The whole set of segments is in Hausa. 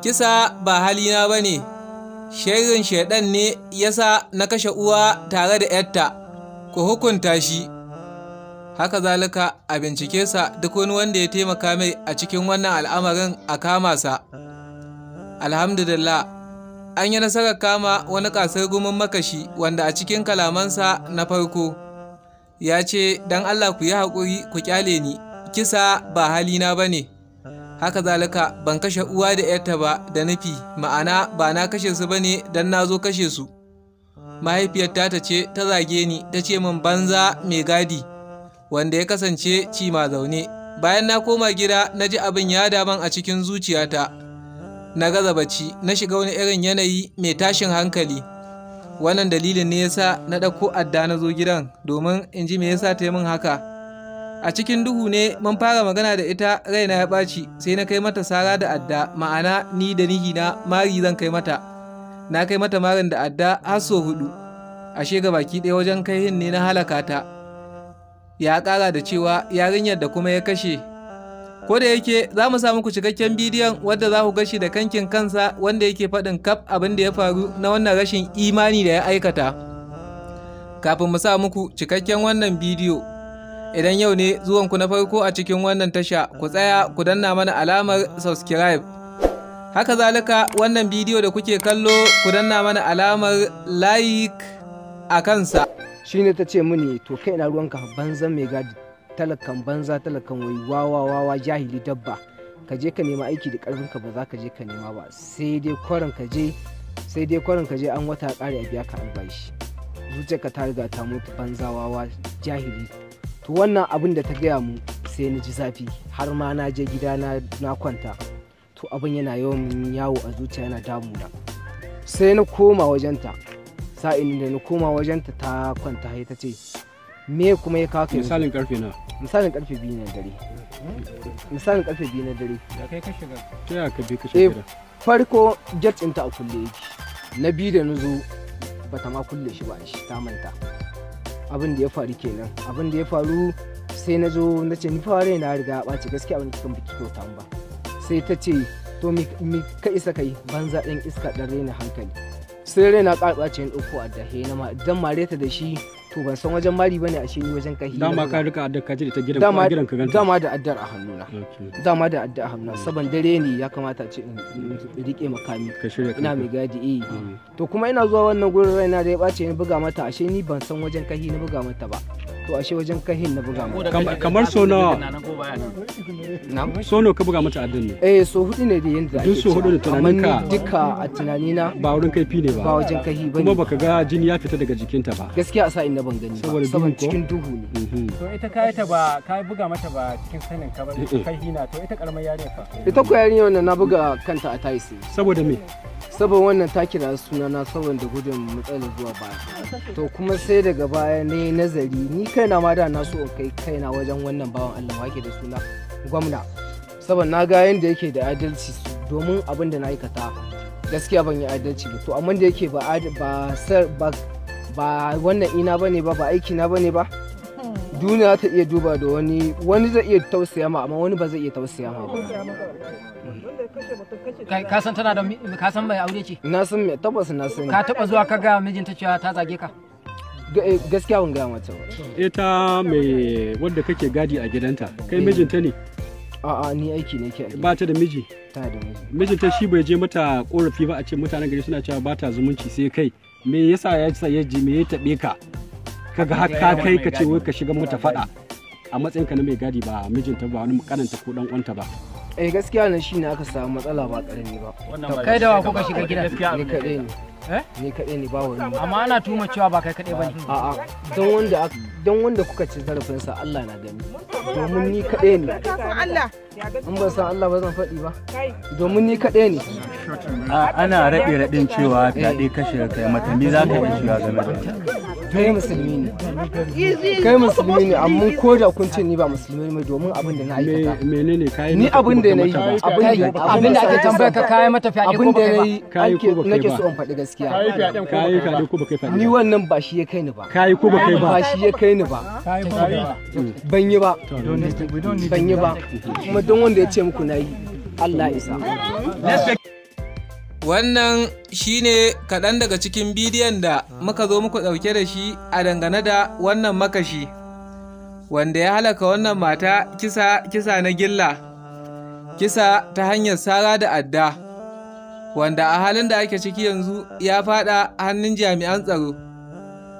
Kisa ba halina ba ne, shirin shaiɗan ne ya sa na kashe uwa tare da ‘yarta, ku hukunta shi. Haka zalika a bincike sa duk wani wanda ya taimaka mai a cikin wannan al'amarin a kama sa. Alhamdulillah, an yi nasarar kama wani ƙasar gumin makashi wanda a cikin kalamansa na farko ya ce, Don Allah ku yi haƙuri ku kyale ni, kisa ba halina ba ne. haka zalika ban kashe uwa da ‘yarta ba da nufi ma'ana ba na kashe su ba ne don na zo kashe su mahaifiyar ta ce ta zage ni ta ce min banza mai gadi wanda ya kasance ci ma zaune bayan na koma gida na ji abin ya daman a cikin zuciyata na gaza bacci na shiga wani irin yanayi mai tashin hankali wannan dalilin ne yasa na ɗauko adda na zo gidan domin in ji me yasa ta yi min haka a cikin duhu ne mun fara magana da ita raina ya ɓaci sai na kai mata sara da adda ma'ana ni da nihi na mari zan kai mata na kai mata marin da adda har so hudu ashe ga baki ɗaya wajen kai hin ne na halaka ta ya ƙara da cewa yarinyar da kuma ya kashe ko da yake za mu samu ku cikakken bidiyon wadda za ku gashi da kankin kansa wanda yake faɗin kaf abin da ya faru na wannan rashin imani da ya aikata kafin mu sa muku cikakken wannan bidiyo Idan yau ne zuwanku na farko a cikin wannan tasha, ku tsaya ku danna mana alamar subscribe. Haka zalika wannan bidiyo da kuke kallo ku danna mana alamar like a kansa. Shi ne ta ce mini to kai na ruwanka banzan mai gadi talakan banza talakan wai wawa wawa jahili dabba ka je ka nema aiki da karfinka ba za ka je ka nema ba sai dai kwarin ka je sai dai kwarin ka je an wata kare a biya ka albashi zuciyarka ta riga ta mutu banza wawa jahili to wannan abin da ta gaya mu sai na ji zafi har ma na je gida na kwanta to abin yana yawan yawo a zuciya yana damuna sai na koma wajenta sa'in da na koma wajenta ta kwanta sai ta ce me kuma ya kawo misalin karfe na misalin karfe biyu na dare misalin karfe biyu na dare da kai ka shiga ta ya ka bi ka shiga eh, farko jet a kulle yake na biyu da na zo bata ma kulle shi ba shi ta manta abin da ya faru kenan abin da ya faru sai na zo na ce ni fara na riga ɓace gaskiya abin da kan biki kyauta ba sai ta ce to mi ka isa kai banza ɗan iska ɗan raina hankali sai raina ƙarɓa ce ni ɗauko a dahe na ma dan mare ta da shi to ban san wajen mari bane ashe ni wajen kahi dama ka rika addar ka ji ita gidan ka gidan ka ganta dama da addar a hannuna dama da addar a hannuna saban dare ne ya kamata ce in rike makami ina mai gadi eh ah. to kuma ina zuwa wannan gurin raina da ya bace ni buga mata ashe ni ban san wajen kahi na buga mata ba to ashe wajen kahin na buga mata kamar so nawa so nawa ka buga mata addar ne eh so hudu ne da yanda duk so hudu da tunanin ka duka a tunanina ba wurin kai fi ne ba ba wajen kahi bane kuma baka ga jini ya fita daga jikinta ba gaskiya a sa'in na ban gani ba saboda cikin duhu ne mhm. to ita kai ta ba kai buga mata ba cikin sanin ka ba eh, eh. kai hina to ita karamar yarinya fa ita ko yarinya wannan na buga kanta a taisi saboda me saboda wannan ta kira suna na saboda gudun matsalar zuwa ba to kuma sai daga baya ne nazari ni kai na ma da na so kai kai na wajen wannan bawan Allah wake da suna gwamna saboda na ga yanda yake da adalci domin abin da na aikata gaskiya ban yi adalci ba to amma da yake ba ba ba wannan ina ba ne ba ba aiki na ba ne ba duniya ta iya duba da wani wani zai iya tausaya ma amma wani ba zai iya tausaya ma ba ka san tana da ka san mai aure ce na san me tabbas na san ka taba zuwa ka ga mijinta cewa ta zage ka eh, gaskiya ban ga mata ba ita mai wanda kake gadi a gidanta kai eh. mijinta ne a'a ni aiki ne ke ba ta da miji ta da miji mijinta shi bai je mata korafi ba a ce mutanen gari suna cewa ba ta zumunci sai kai me yasa ya sa ya ji me ya taɓe ka kaga har ka kai ka ce wai ka shiga mota faɗa a matsayin ka na mai gadi ba mijinta ba wani karanta ko dan uwanta ba eh gaskiya nan shine aka samu matsala ba karami ba kai da wa kuka shiga gidan ni kaɗai ne Eh? Ni kaɗai ne ba wani. Amma ana tuma cewa ba kai kaɗai ba ne. A'a don wanda don wanda kuka ci zarafinsa Allah na gani. Domin ni kaɗai ne. an In san Allah ba zan faɗi ba. Domin ni kaɗai ne. Ana raɗe raɗin cewa fyaɗe kashe kai mata ni za ka yi shiga game da kai musulmi ne kai musulmi ne amma ko da kun ce ni ba musulmi ne domin abin da na aikata menene kai ni abin da na yi abin da ake tambaya ka kai mata fyaɗe ba kai ba abin da na yi nake so in faɗi gaskiya gaskiya kai fyaɗen ko kai fyaɗen ni wannan ba shi ya kai ni ba kai ko baka ba ba shi ya kai ni ba ban yi ba ban yi ba kuma don wanda ya ce muku na yi Allah isa Wannan shi ne kaɗan daga cikin bidiyon da muka zo muku ɗauke da shi a dangane da wannan makashi, wanda ya halaka wannan mata kisa kisa na gilla, kisa ta hanyar sara da adda. wanda a halin da ake ciki yanzu ya fada hannun jami'an tsaro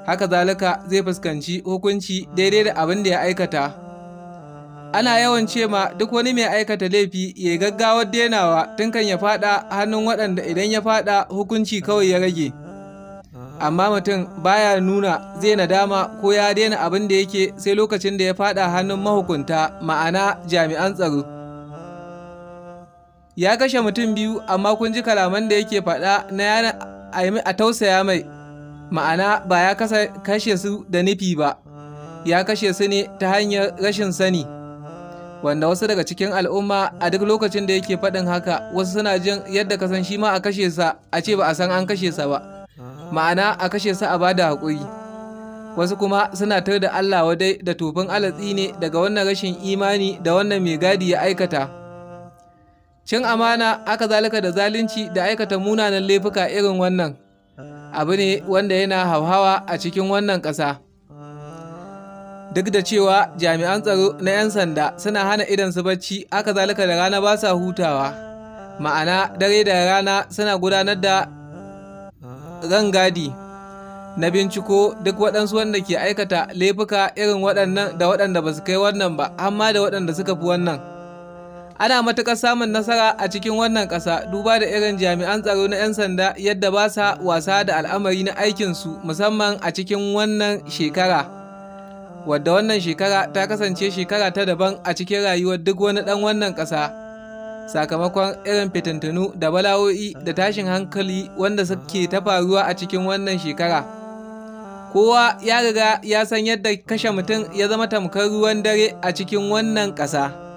haka zalika zai fuskanci hukunci daidai da abin da ya aikata ana yawan ce ma duk wani mai aikata laifi ya gaggawar denawa tun kan ya fada hannun waɗanda idan ya fada hukunci kawai ya rage amma mutum baya nuna zai nadama ko ya daina abin da yake sai lokacin da ya fada hannun mahukunta ma'ana jami'an tsaro ya kashe mutum biyu amma kun ji kalaman da yake faɗa na yana a tausaya mai ma'ana ba ya kashe su da nufi ba ya kashe su ne ta hanyar rashin sani wanda wasu daga cikin al'umma a duk lokacin da yake faɗin haka wasu suna jin yadda ka san shi ma a kashe sa a ce ba a san an kashe sa ba ma'ana a kashe sa a bada haƙuri wasu kuma suna tar da Allah wadai da tofin alatsi ne daga wannan rashin imani da wannan mai gadi ya aikata cin amana aka zalika da zalunci da aikata munanan laifuka irin wannan abu ne wanda yana hauhawa a cikin wannan ƙasa duk da cewa jami'an tsaro na 'yan sanda suna hana idan su bacci aka zalika da rana ba sa hutawa ma'ana dare da rana suna gudanar da rangadi na binciko duk waɗansu wanda ke aikata laifuka irin waɗannan da waɗanda ba su kai wannan ba amma da waɗanda suka fi wannan ana matuƙar samun nasara a cikin wannan ƙasa duba da irin jami'an tsaro na 'yan sanda yadda ba sa wasa da al'amari na aikinsu musamman a cikin wannan shekara wadda wannan shekara ta kasance shekara ta daban a cikin rayuwar duk wani ɗan wannan ƙasa sakamakon irin fitintunu da bala'o'i da tashin hankali wanda suke ta faruwa a cikin wannan shekara. kowa ya riga ya san yadda kashe mutum ya zama tamkar ruwan dare a cikin wannan ƙasa.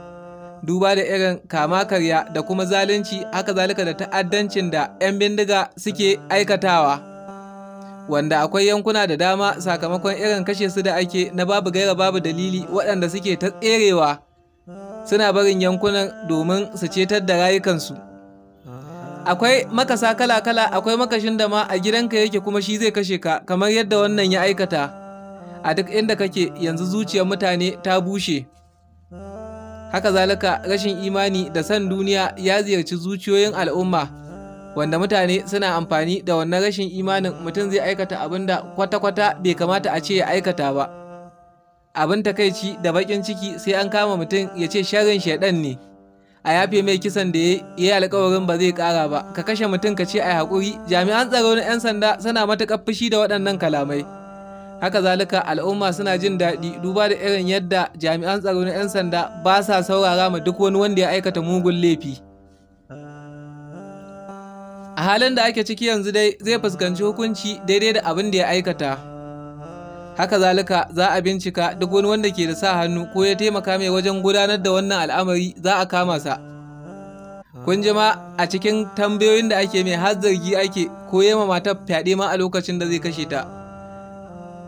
duba da irin kama karya da kuma zalunci haka zalika da ta'addancin da 'yan bindiga suke aikatawa wanda akwai yankuna da dama sakamakon irin kashe su da ake na babu gaira babu dalili waɗanda suke ta tserewa suna barin yankunan domin su cetar da rayukansu akwai makasa kala-kala akwai makashin da ma a gidanka yake kuma shi zai kashe ka kamar yadda wannan ya aikata a duk inda kake yanzu zuciyar mutane ta bushe. haka zalika rashin imani da san duniya ya ziyarci zuciyoyin al'umma wanda mutane suna amfani da wannan rashin imanin mutum zai aikata abin da kwata-kwata bai kamata a ce ya aikata ba abin takaici da bakin ciki sai an kama mutum ya ce sharrin shaidan ne a yafe mai kisan da ya yi alkawarin ba zai kara ba ka kashe mutum ka ce a haƙuri jami'an tsaro na 'yan sanda suna matuƙar fushi da waɗannan kalamai haka zalika al'umma suna jin daɗi duba da irin yadda jami'an tsaro na 'yan sanda ba sa saurara ma duk wani wanda ya aikata mugun laifi a halin da ake ciki yanzu dai zai fuskanci hukunci daidai da abin da ya aikata haka zalika za a bincika duk wani wanda ke da sa hannu ko ya taimaka mai wajen gudanar da wannan al'amari za a kama sa kun ji a cikin tambayoyin da ake mai har zargi ake ko matar fyaɗe ma a lokacin da zai kashe ta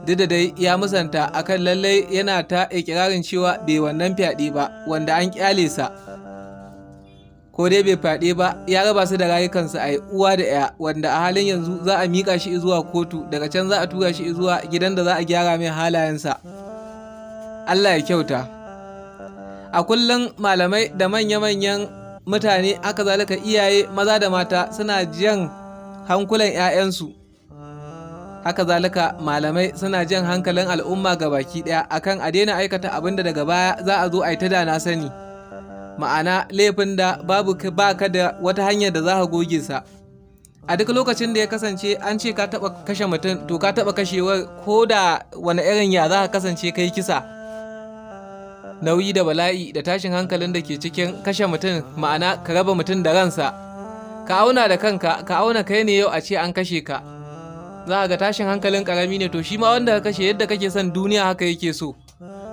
duk da dai ya musanta akan lallai yana ta ikirarin cewa bai wannan fyaɗe ba wanda an kyale sa ko dai bai fyaɗe ba ya raba su da rayukansu a uwa da ya wanda a halin yanzu za a miƙa shi zuwa kotu daga can za a tura shi zuwa gidan da za a gyara mai halayensa Allah ya kyauta a kullum malamai da manya-manyan mutane haka zalika iyaye maza da mata suna jiyan hankulan 'ya'yansu haka zalika malamai suna jan hankalin al'umma ga baki ɗaya akan a daina aikata abin da daga baya za a zo a yi ta da na sani ma'ana laifin da babu ba ka da wata hanyar da za ka goge sa a duk lokacin da ya kasance an ce ka taɓa kashe mutum to ka taɓa kashewar ko da wani irin ya za ka kasance kai kisa nauyi da bala'i da tashin hankalin da ke cikin kashe mutum ma'ana ka raba mutum da ransa ka auna da kanka ka auna kai ne yau a ce an kashe ka za ga tashin hankalin karami ne to shi ma wanda ka kashe yadda kake son duniya haka yake so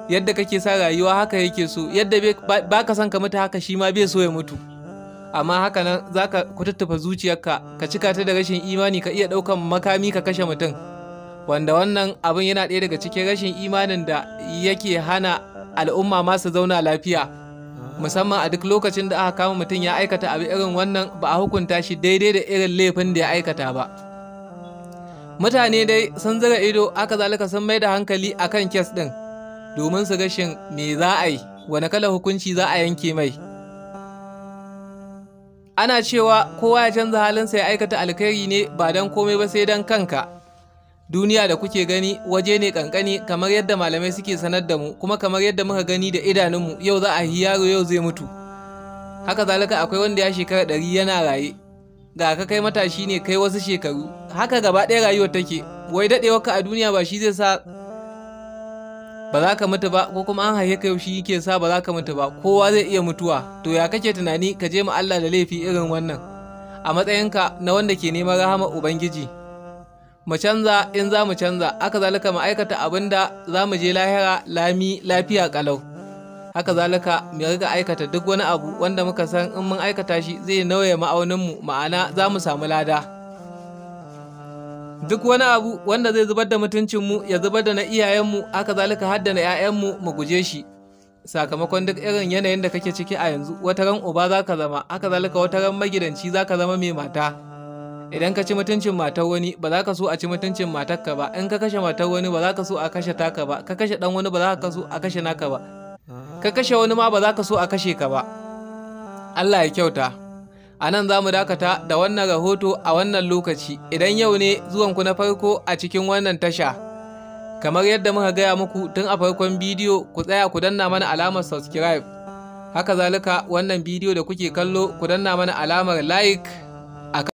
yadda kake sa rayuwa haka yake so yadda ba ka son ka mutu haka shi ma bai so ya mutu amma haka nan za ka kututtufa zuciyarka ka cika ta da rashin imani ka iya ɗaukan makami ka kashe mutum wanda wannan abin yana ɗaya daga cikin rashin imanin da yake hana al'umma masu zauna lafiya musamman a duk lokacin da aka kama mutum ya aikata abu irin wannan ba a hukunta shi daidai da irin laifin da ya aikata ba. mutane dai sun zira ido aka zalika sun mai da hankali a kan kes ɗin domin su gashin me za a yi wani kala hukunci za a yanke mai ana cewa kowa ya canza halinsa ya aikata alkhairi ne ba don komai ba sai don kanka duniya da kuke gani waje ne kankani kamar yadda malamai suke sanar da mu kuma kamar yadda muka gani da idanunmu yau za a yi yaro yau zai mutu haka zalika akwai wanda ya shekara ɗari yana raye ga ka kai matashi ne kai wasu shekaru haka gaba ɗaya rayuwar take wai daɗewarka a duniya ba shi zai sa ba za ka mutu ba ko kuma an haife ka shi yake sa ba za ka mutu ba kowa zai iya mutuwa to ya kake tunani ka je mu Allah da laifi irin wannan a matsayinka na wanda ke neman rahama ubangiji mu canza in za mu canza aka zalika mu aikata abin da za mu je lahira lami lafiya kalau haka zalika mu riga aikata duk wani abu wanda muka san in mun aikata shi zai nauye ma'auninmu ma'ana za mu samu lada duk wani abu wanda zai zubar da mutuncinmu ya zubar da na iyayenmu haka zalika haddana 'ya'yanmu mu guje shi sakamakon duk irin yanayin da kake ciki a yanzu wata ran uba za ka zama haka zalika wata ran magidanci za ka zama mai mata idan ka ci mutuncin matar wani ba za ka so a ci mutuncin ka ba in ka kashe matar wani ba za ka so a kashe taka ba ka kashe dan wani ba za ka so a kashe naka ba ka kashe wani ma ba za ka so a kashe ka ba Allah ya kyauta a nan za mu dakata da wannan rahoto a wannan lokaci idan yau ne zuwanku na farko a cikin wannan tasha kamar yadda muka gaya muku tun a farkon bidiyo ku tsaya ku danna mana alamar subscribe haka zalika wannan bidiyo da kuke kallo ku danna mana alamar like